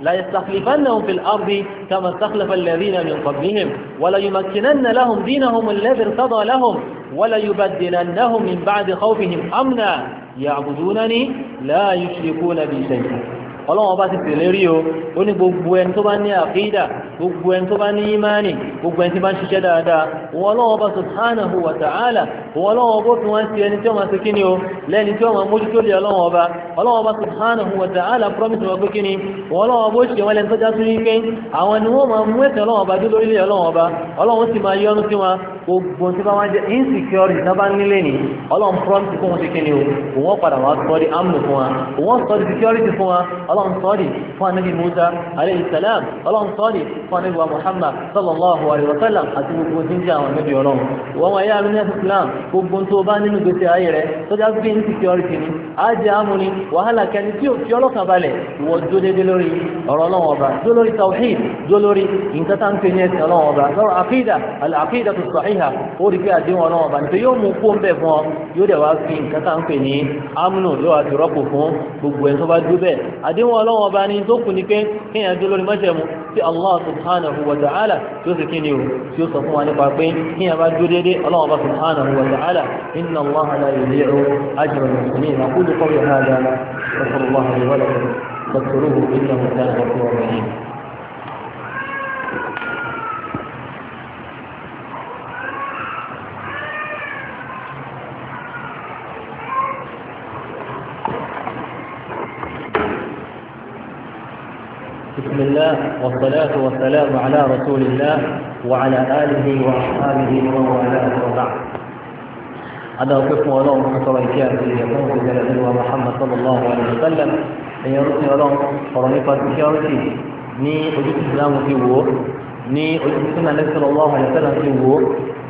لا يستخلفنهم في الأرض كما استخلف الذين من قبلهم ولا يمكنن لهم دينهم الذي ارتضى لهم ولا يبدلنهم من بعد خوفهم أمنا يعبدونني لا يشركون بي شيئا ọlọ́wọ́n bá ti tẹ̀lé rí o ó ní gbogbo ẹni tó bá ní àkídà gbogbo ẹni tó bá ní ìmánì gbogbo ẹni tí bá ń ṣiṣẹ́ dáadáa òun ọlọ́wọ́n bá subhanahu wa ta'ala òun ọlọ́wọ́n bó fi wọ́n sí ẹni tí ó máa ṣe kíni o lẹ́ni tí ó máa mójútó lé ọlọ́wọ́n ọba ọlọ́wọ́n bá subhanahu wa ta'ala promise wọn pé kíni òun ọlọ́wọ́n bó ṣe wọ́n lẹ́ni tó já sí wípé àwọn ni wọ́n máa mú ẹ̀sẹ̀ ọlọ́wọ́n ọba dé lórílẹ̀ ọlọ́wọ́n ọba ọlọ́wọ́n sì máa yọ́nú sí wọn gbogbo tí bá wá insecurity náà bá nílé ni ọlọ́wọ́n promise fún wọn ṣe kíni o ọlọ́run sọ́ọ̀dì fún anábì Musa alayhi salam ọlọ́run sọ́ọ̀dì fún anábì wa Muhammad sallallahu alayhi wa sallam àti gbogbo tí ń jẹ́ àwọn anábì ọlọ́run wọ́n wọ́n yára ní Islam gbogbo tó bá nínú gbèsè ayé rẹ̀ sọ́jà gbé ní security ni ajé amúni wàhálà kẹni tí ò fi ọlọ́kan balẹ̀ wọ́n dó dédé lórí ọ̀rọ̀ ọlọ́run ọba dó lórí tawhid dó lórí nǹkan ń pè ní ẹsẹ̀ ọlọ́run ọba lọ́rọ̀ àkídà àkídà tó sọ̀híhà ó rí pé àdéhùn ọlọ́run ọba nítorí yóò mú kó ń bẹ̀ fún ọ yóò dẹ̀ wá fi nǹkan ń pè ní amúnù lọ́wọ́ àti rọ́pò fún gbogbo ẹ̀ òdiwọ̀n ọlọ́run ọba ní tó kù ní pé kíyàn dúró lórí mọ́jẹ̀mú tí Allah subhanahu wa ta'ala tí ó sì kí ni o tí ó sọ fún wa nípa pé kíyàn bá dúró déédéé ọlọ́run ọba subhanahu wa ta'ala inna Allah la yudhi'u ajra al-muhsinin aqulu qawli hadha wa sallallahu alaihi wa الله والصلاة والسلام على رسول الله وعلى آله وأصحابه ومن والاه وبعد هذا قسم ولهم حصر إكيان في محمد صلى الله عليه وسلم أن يرسل ولهم فرميقة إشارتي ni ojú tí islam fi wò ní ojú tí sunna nabi sallallahu alaihi wasallam fi wò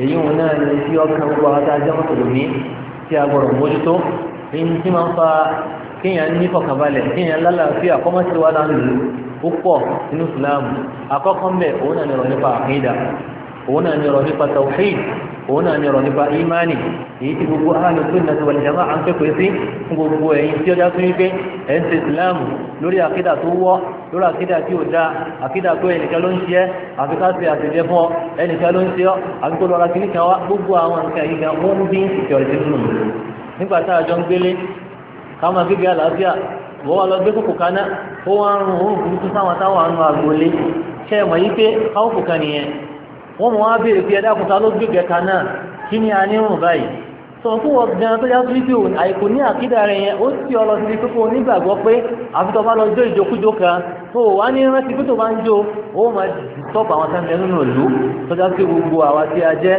èyí wọn náà ní tí ọkàn gbogbo àwọn tá a jẹ́ mùsùlùmí kíyàn ní fọkànbalẹ̀ kíyàn lálàáfíà kọ́mọ́sí wà láàrin púpọ̀ nínú ìsìláàmù akọ́kọ́ mẹ́ òun náà nìrọ̀ nípa àkídà òun náà nìrọ̀ nípa tawhid òun náà nìrọ̀ nípa imani èyí tí gbogbo ahlu sunnah wal jamaa'ah à ń pèpè sí fún gbogbo ẹ̀yin tí ó dá sórí pé ẹ̀ ń ṣe ìsìláàmù lórí àkídà tó wọ́ lórí àkídà tí ó dá àkídà pé ẹnìkan ló ń ṣe ẹ́ àfikà sí àtẹ̀jẹ́ fún ọ ẹnìkan ló ń gbélé káwọn akéde àlàáfíà wọ́n wá lọ gbé kòkò kaná ó wá ń rún òun burúkú sáwọn táwọn àánú agbolé ṣe mọ̀ yí pé káwọn kò kan nìyẹn wọ́n mọ̀ wá béèrè pé ẹ̀dá kúta ló gbé gẹ̀ẹ́ka náà kí ni a ní rùn báyìí sọ̀rọ̀ fún wọn gan tó yàtọ̀ wípé òun àìkò ní àkídà rẹ̀ yẹn ó sì ọlọ sí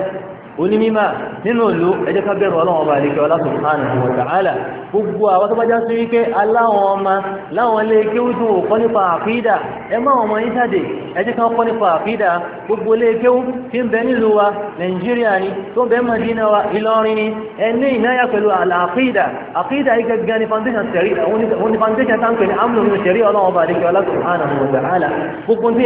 pípọ̀ onímímà nínú ìlú ẹjẹ́ ká bẹ̀rù ọlọ́wọ́n ọba àlekẹ́ ọlá subhanahu wa ta'ala gbogbo àwọn tó bá já sí wípé aláwọn ọmọ láwọn ilé kéwú tó wò kọ́ nípa àkídà ẹ máa ọmọ yín jáde ẹ jẹ́ ká kọ́ nípa àkídà gbogbo ilé kéwú tí ń bẹ nílùú wa nàìjíríà ni tó ń bẹ mọ̀dínà wa ìlọrin ni ẹ ní ìnáyà pẹ̀lú àkídà àkídà yìí gẹ́gẹ́ ni foundation sẹ̀rí òun ni foundation tá ń pè ní amúlò ní sẹ̀rí ọlọ́wọ́ bá dékẹ́ ọlọ́kùnrin hàn àwọn ọ̀gá hàlà gbogbo tí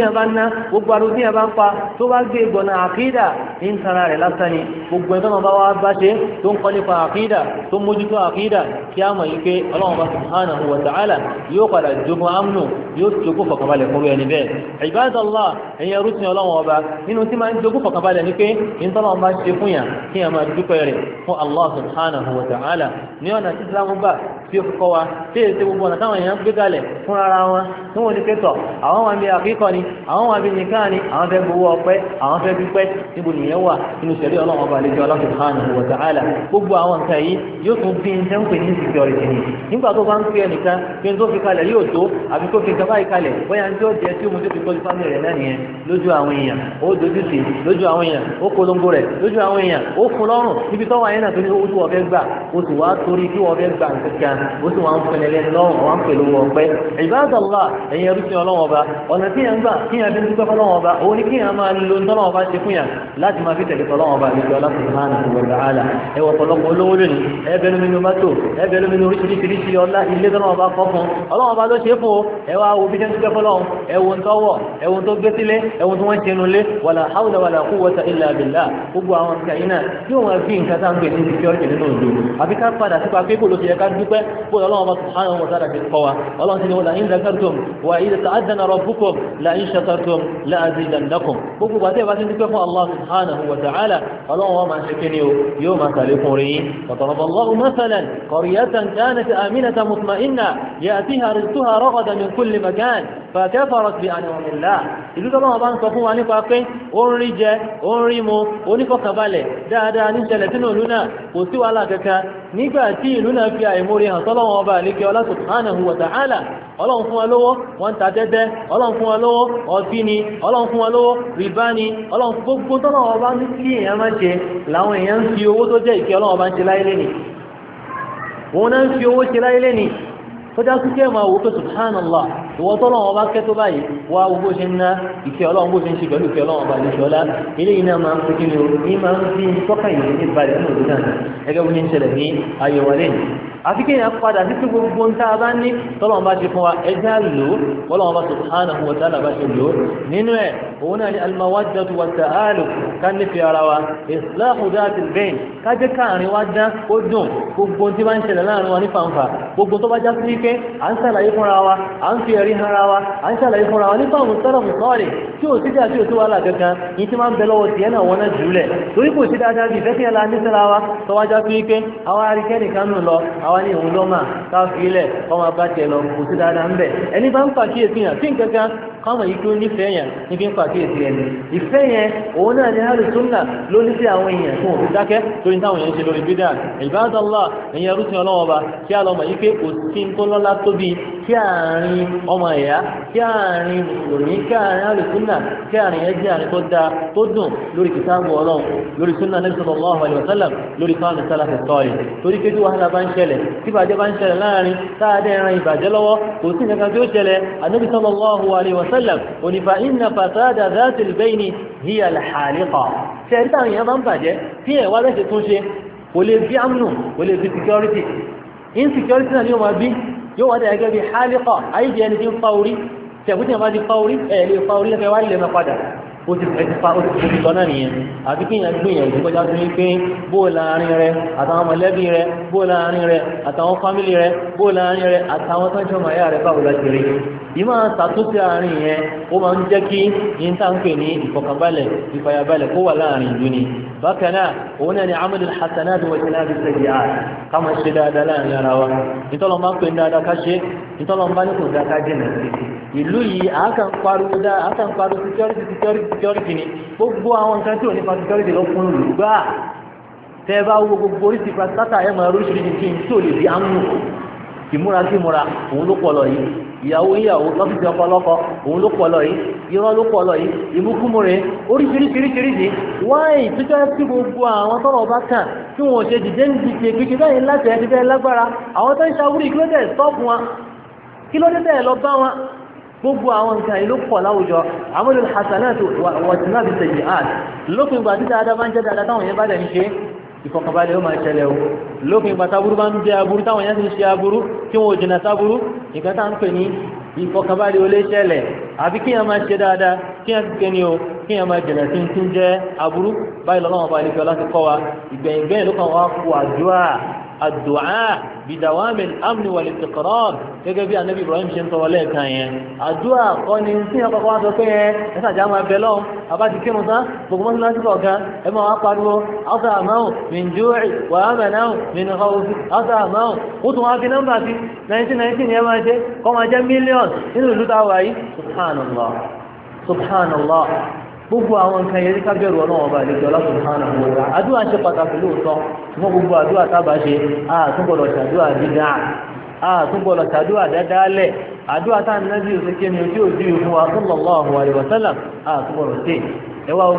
yóò padà jogun amnu yóò jogún fọkànbalẹ̀ fún ẹni bẹ́ẹ̀ ibadallah ẹ̀yin ẹrú sin ọlọ́run ọba nínú tí máa ń jogún fọkànbalẹ̀ ni pé ìtọ́lọ́run bá ṣe fún yàn kí yàn máa dúpẹ́ rẹ̀ fún Allah subhanahu wa ta'ala ní ọ̀nà tí islamu bá fi kọ́ wa tí èyí tí gbogbo ọ̀nà táwọn èèyàn gbé kalẹ̀ fún ara wọn tí wọ́n ní pẹ́tọ̀ àwọn wọn bí àkíkọ́ ni àwọn wọn bí nìkan ni àwọn fẹ́ gbowó ọpẹ́ àwọn fẹ́ dúpẹ́ níbo nìyẹn wà nínú ṣẹ̀rí ọlọ́run ọba àlejò Allah subhanahu wa ta'ala gbogbo àwọn nǹkan yìí yóò tún bí kalẹ̀ yóò tó àbí kó fi nǹkan báyìí kalẹ̀ bóyá ní yóò jẹ́ tí mo ti fi kọ́lé fámìlì rẹ̀ náà nìyẹn lójú àwọn èèyàn ó dojútì lójú àwọn èèyàn ó polongo rẹ̀ lójú àwọn èèyàn ó fún lọ́rùn níbi tọ́wọ́ ayé náà tó ní ojú ọ̀fẹ́ gbà ó sì wá torí kí wọ́n fẹ́ gbà nǹkan ó sì wá ń fẹlẹ̀ lẹ́nu lọ́rùn wọ́n ń pèlú wọn pẹ́ ìbáàdàlá ẹ̀yin ẹrú sí ọlọ́wọ́n ọba ọ̀nà tí yẹn ń gbà kí yẹn fi ń dúpẹ́ fọlọ́wọ́n ọba òun ni kí yẹn máa ọlọ́wọ́n bá ló ṣe fún o ẹwà wo bí jẹ́ńtú kẹfọ́lọ́hún ẹ̀wọ̀n tó wọ̀ ẹ̀wọ̀n tó gbé sílé ẹ̀wọ̀n tó wọ́n ṣe nulẹ̀ wàlà hawla wàlà quwwata illa billah gbogbo àwọn nǹkan yìí náà tí wọ́n fi nǹkan tá à ń gbé ní security nínú òdo àbí ká padà sípa pé kò ló ṣe yẹ ká dúpẹ́ kó ọlọ́wọ́n bá subhanahu wa ta'ala fi kọ́ wa ọlọ́run ti ní wọ́n la in zakartum wa idha ta'adana rabbukum la in shakartum la azidannakum gbogbo bàtẹ́ bá ti dúpẹ́ fún allah subhanahu wa ta'ala ọlọ́run wọn máa ṣe kí ni o yóò máa sàlékún rí وضرب الله مثلا قرية كانت آمنة مطمئنة يأتيها فيها رزقها رغدا من كل مكان فكفرت بأنعم الله ìlú tó báwọn bá ń sọ fún wa nípa pé ó ń rí jẹ ó ń rí mu onífọ̀kànbalẹ̀ dáadáa ní ṣẹlẹ̀ sínú ìlú náà kò sí wàhálà kankan nígbà tí ìlú náà fi àìmórí hàn sọ́lọ́wọ́n ọba àlékẹ́ ọlá subhanahu wa ta'ala ọlọ́run fún wa lówó wọ́n ta tẹ́tẹ́ ọlọ́run fún wa lówó ọtí ni ọlọ́run fún wa lówó rìbá ni ọlọ́run gbogbo tọ́lọ́wọ́n ọba ní kí èèyàn máa ó dá síkẹ́ máa wò pé subhanallah ìwọ́n tó lọ́wọ́ bá kẹ́tọ́ báyìí wá owó ṣe ń ná ìfẹ́ ọlọ́run bó ṣe ń ṣe pẹ̀lú ìfẹ́ ọlọ́run bá lóṣù ọlá eléyìí náà máa ń fi kíni o ní máa ń fi tọ́ka ìwé ní balẹ̀ nínú òdúnà ẹgbẹ́ wọn ní ń ṣẹlẹ̀ ní ayọ̀wọlé ni àfi kéèyàn padà sí pé gbogbo ń tá a bá ní tọ́lọ́run bá ṣe fún wa ẹja lò ó ọlọ́run bá subhanahu wa ta'ala bá pé à ń sàlàyé fúnra wa à ń fi ẹ̀rí hanra wa à ń sàlàyé fúnra wa nípa àwọn sọ́rọ̀ mùsọ́ọ̀rì tí ò síjà tí ò sí wàhálà kankan yìí tí máa ń bẹ lọ́wọ́ tiẹ̀ náà wọ́n náà jùlẹ̀ torí kò sí dáadáa bí ìfẹ́ fìyàlá ní sara wa tọ́wájá fi pé àwa arikẹ́nì kan nù lọ àwa ní ìhun lọ́mà káfílẹ̀ ọmọ abájẹ lọ kò sí dáadáa ń bẹ̀ ẹni bá ń pàkíyèsí hàn sí nǹkan káwọn yìí tó nífẹ̀ẹ́ yẹn ní fi ń pàkíyèsí ẹni ìfẹ́ yẹn òun náà ni hàlù súnà ló ní sí àwọn èèyàn fún òfin dákẹ́ torí táwọn èèyàn ṣe lórí bídà ìbáradáńlá ẹ̀yìn ẹrúsìn ọlọ́wọ́ bá kí alọ́mọ yìí pé kò sí tó lọ́lá tóbi kí àárín ọmọ ẹ̀yà kí àárín mùsùlùmí kí àárín hàlù súnà kí àárín yẹn jẹ́ àárín tó da tó dùn lórí kìtàbù ọlọ́run lórí súnà nabi sallallahu wasallam onífà iná fasada zatil bẹ́ẹ̀ni hiya alhaliqa ṣe ẹ̀rí táwọn èèyàn bá ń bàjẹ́ tí ẹ̀wà rẹ̀ ṣe tún ṣe kò lè bí amnu kò lè bí security insecurity náà ni ó máa bí yóò wá dàgbẹ́ bí haliqa ayébi ẹni tí ń fa orí tẹ̀kútẹ̀ máa di fa orí ẹ̀ lè fa orí ẹ̀fẹ́ wá lè máa padà ó ti fẹ́ ti fa ó ti fi tọ́nà nìyẹn àti kí yẹn gbìyànjú kọjá tó ní pé bó láàrin rẹ àtàwọn mọ̀lẹ́bí rẹ bó láàrin rẹ àtàwọn fámìlì rẹ bó láàrin rẹ àtàwọn tó ń jọmọ̀ ẹ̀yà rẹ báwo la ti rí ìmọ̀ ṣàtúnṣe àárín yẹn ó máa ń jẹ́ kí yín tá ń pè ní ìfọ̀kànbalẹ̀ ìfàyàbalẹ̀ kó wà láàrin ìlú ni bákan náà òun náà ni amadu hasana ti wọ́n láti ṣẹ́gi àá ká máa ṣe dáadáa láàrin ara wa nítorí wọn máa ń pè ní dáadáa ká ṣe nítorí wọn bá ní kò dáa ká jìnà ni gbogbo àwọn nǹkan tí ò ní fa security lọ fún ìlú gbáà tẹ́ ìmúra sí ìmúra òun ló pọ̀lọ̀ yìí ìyàwó ìyàwó lọ́fíìsì ọkọ lọ́kọ òun ló pọ̀lọ̀ yìí irọ́ ló pọ̀lọ̀ yìí ìmúkúmúrin oríṣiríṣiríṣiríṣi wáyé ìtújọ́ sí gbogbo àwọn tọ́rọ̀ bá kàn tí wọ́n ṣe dìde ń dìde kékeré báyìí láti ẹni bẹ́ẹ̀ lágbára àwọn tó ń ṣàwúrí kí ló dé stọ́ọ̀pù wọn kí ló dé bẹ́ẹ̀ lọ bá wọn gbogbo àwọn nǹkan yìí ló pọ̀ láwùjọ àmúlò hasanatu wàtúnà bìtẹ̀jì àt lópin ìgbà tí dáadáa bá ń jẹ́ dáadáa táwọn yẹn bá dẹ̀ ń ṣe ìfọkànbalẹ̀ ó máa ṣẹlẹ̀ o lópin ìgbà sáburú bá ń jẹ aburú táwọn èèyàn ti ń ṣe aburú tí wọn ò jìnà sáburú nǹkan tá ń pè ní ìfọkànbalẹ̀ ó lè ṣẹlẹ̀ àbí kí èèyàn máa ṣe dáadáa kí èèyàn ti kéni o kí èèyàn máa àdùá bìdàwámi amni wà lè tẹ̀kọ́rọ́ gẹ́gẹ́ bí anabi ibrahim ṣe ń tọwọ́ lẹ́ẹ̀kan yẹn àdúrà kọ́ ni tí wọ́n kọ́kọ́ wá sọ pé yẹn ẹ̀sà jà máa bẹ̀ lọ́wọ́ àbá ti kírun tán gbogbo mọ́tò láti kọ̀ọ̀kan ẹ máa wá pariwo ọ̀sà àmáhùn min júwì wà á mẹ̀ náà min ọ̀sì ọ̀sà àmáhùn ó tún wá fi nọ́mbà sí 1919 yẹn máa ṣe kọ́ máa jẹ́ mílíọ̀n nínú ìlú táwa yìí subhanallah subhanallah gbogbo àwọn nǹkan yẹn ká bẹ̀rù ọlọ́wọ́n ọba àlejò ọlọ́kùnrin hàn àwọn ọ̀gá àdúrà ṣe pàtàkì lóòótọ́ gbogbo àdúrà tábà ṣe àtúngbọ̀dọ̀ ṣàdúrà dídá àtúngbọ̀dọ̀ ṣàdúrà dáadáálẹ̀ àdúrà tá nàbí òṣèké ni ṣe ẹwà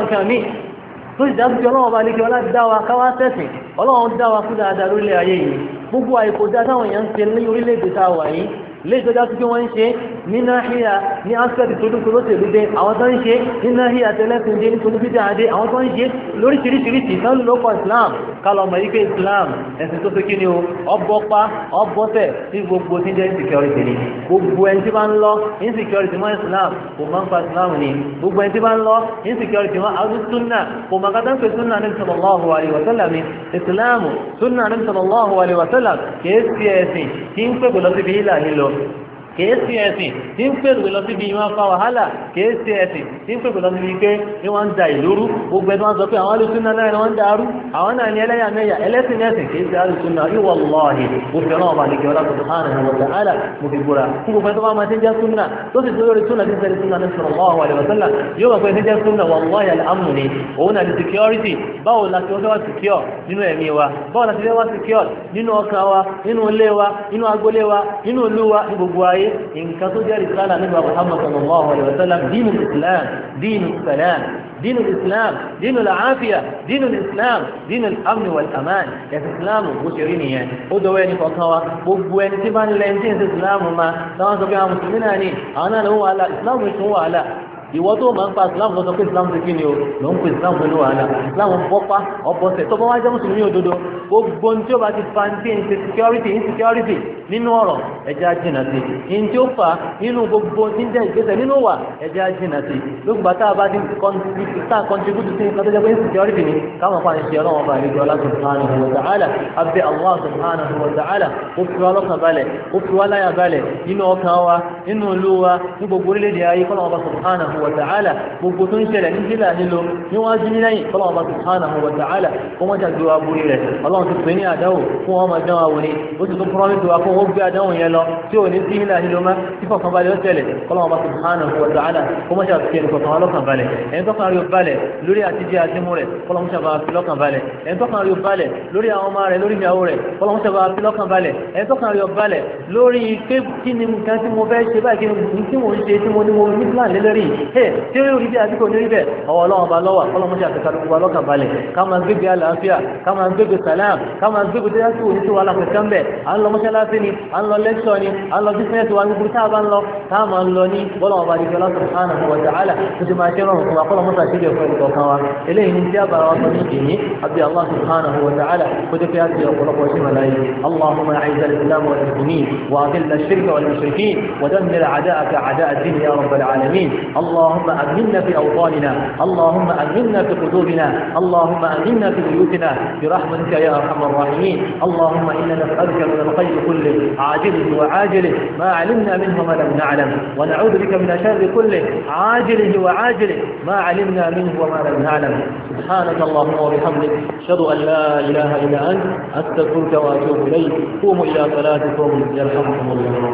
a tí tó sì dájú ọlọ́wọ́ bá lékè ọlá wa káwá sẹ́sìn ọlọ́wọ́ dá wa kú dáadáa lórílẹ̀ ayé yìí gbogbo àìkò dáadáa wọ̀nyẹn ń ṣe ní orílẹ̀-èdè tá yìí lè tó jásí kí wọ́n ń ṣe nínú àhíyà ní aspect tó dúkú ló tèlú dé àwọn tó ń ṣe nínú àhíyà tẹ́lẹ́sìn dé ní tóní fídíà dé àwọn tó ń ṣe lóríṣiríṣiríṣi náà ló Islam kálọ̀ mọ̀ yí Islam ẹ̀sìn tó fi kí ni o ọbọ̀pá ọbọ̀tẹ̀ tí gbogbo ti jẹ́ insecurity ni gbogbo ẹni tí bá ń lọ insecurity mọ́ Islam kò Islam ni gbogbo ẹni tí bá ń lọ insecurity mọ́ àwọn sunna kò sallallahu alaihi wa sallam Islam sunna ní sallallahu alaihi wa sallam kì í sí ẹ̀sìn kì lọ kèésì ẹ̀sìn tí ń pèrè lọ síbi ìwọ̀n fa wàhálà kèésì ẹ̀sìn tí ń pèrè lọ síbi pé ní wọ́n ń da ìlúrú gbogbo ẹni wọ́n sọ pé àwọn alùsùnà náà ni wọ́n ń darú àwọn náà ni ẹlẹ́yà mẹ́yà ẹlẹ́sìn ẹ̀sìn kèésì alùsùnà ìwọ̀ lọ́ọ̀hì mo fi ọlọ́ọ̀bà ní kíọ́lá tó hàn ní wọ́n tààlà mo fi búra fún gbogbo ẹni tó bá máa ti jẹ́ súnà tó sì lórí súnà tí sẹ́ni súnà ní sọ̀rọ̀ lọ́wọ́ àlẹ́ wọ́sánlá gbogbo ayé nǹkan tó jẹ́ ìsìláàmù nígbà Muhammad sallallahu alayhi wa sallam dínú islam dínú salam dínú islam dínú làáfíà dínú islam dínú amni wal aman ẹ̀sìn islámù bó ṣe rí nìyẹn ó dọwọ́ ẹni kọ̀ọ̀kan wa gbogbo ẹni tí bá ń lẹ́yìn tí ń ṣe islámù ma táwọn sọ pé àwọn mùsùlùmí náà ni àwọn náà ló wà ìwọ tó máa ń pa islam lọ sọ pé islam ti kí ni o ló ń pè islam pẹ̀lú wàhálà islam bọ́pá ọ̀bọ̀sẹ̀ tó bá wá jẹ́ mùsùlùmí òdodo gbogbo ní tí ó bá ti fa ní insecurity insecurity nínú ọ̀rọ̀ ẹja jìnà sí ní tí ó fà nínú gbogbo tí ń jẹ́ ìgbésẹ̀ nínú wà ẹja jìnà sí lóògbà tá a bá ti tá contribute sí nǹkan tó jẹ́ pé insecurity ni káwọn pa ìṣe ọlọ́wọ́n bá ìlú ọlá subhanahu wa ta'ala abẹ́ Allah subhanahu wa ta'ala ó fi wá lọ́kàn balẹ̀ ó fi wá láyà balẹ̀ nínú ọkàn wa nínú ìlú wa ní gbogbo orílẹ̀ wa ta'ala gbogbo tó ń ṣẹlẹ̀ ní sílẹ̀ nílò níwájú ní lẹ́yìn ọlọ́run bá subhanahu wa ta'ala kó wọ́n jà gbéwá borí rẹ̀ ọlọ́run ti pè ní àdáwò fún wọn máa dánwà wò ni ó ti tún promise wa kó wọ́n gbé àdáwò yẹn lọ tí ò ní sílẹ̀ nílò má tí kọ̀ọ̀kan balẹ̀ ó ṣẹlẹ̀ ọlọ́run bá subhanahu wa ta'ala kó wọ́n ṣàtúnṣe ní kọ̀ọ̀kan ọlọ́kan balẹ̀ ẹni tó kan rí o balẹ̀ lórí tí mo ní mo ní plan lélẹ́rìí tí ó rí bí àbíkò ní rí bẹ̀ ọwọ́ ọlọ́run bá lọ́wà ọlọ́run ṣe àtẹ̀kàdùkú wa lọ́kàn balẹ̀ ká máa gbégbé àlàáfíà ká máa gbégbé sàlám ká máa gbégbé tó yàtọ̀ òní tó wà lápẹ̀kẹ́ mbẹ̀ à ń lọ mọ́ṣáláṣí ni à ń lọ lẹ́ṣọ̀ ni à ń lọ bísíǹsì wa gbogbo tá a bá ń lọ tá a máa ń lọ ní bọ́lọ̀ ọba àdìgbò lọ́sọ̀ hàn àwọn ọ̀dà àlà tó ti máa ṣe rọrùn fún wa kọ́lọ̀ mọ́ṣá ṣílẹ̀ fún اللهم أمننا في أوطاننا اللهم أمننا في قلوبنا اللهم أمننا في بيوتنا برحمتك يا أرحم الراحمين اللهم إنا نسألك من الخير كله عاجله وعاجله ما علمنا منه ما لم نعلم ونعوذ بك من شر كله عاجله وعاجله ما علمنا منه وما لم نعلم سبحانك اللهم وبحمدك أشهد أن لا إله إلا أنت أستغفرك وأتوب إليك قوموا إلى صلاتكم يرحمكم الله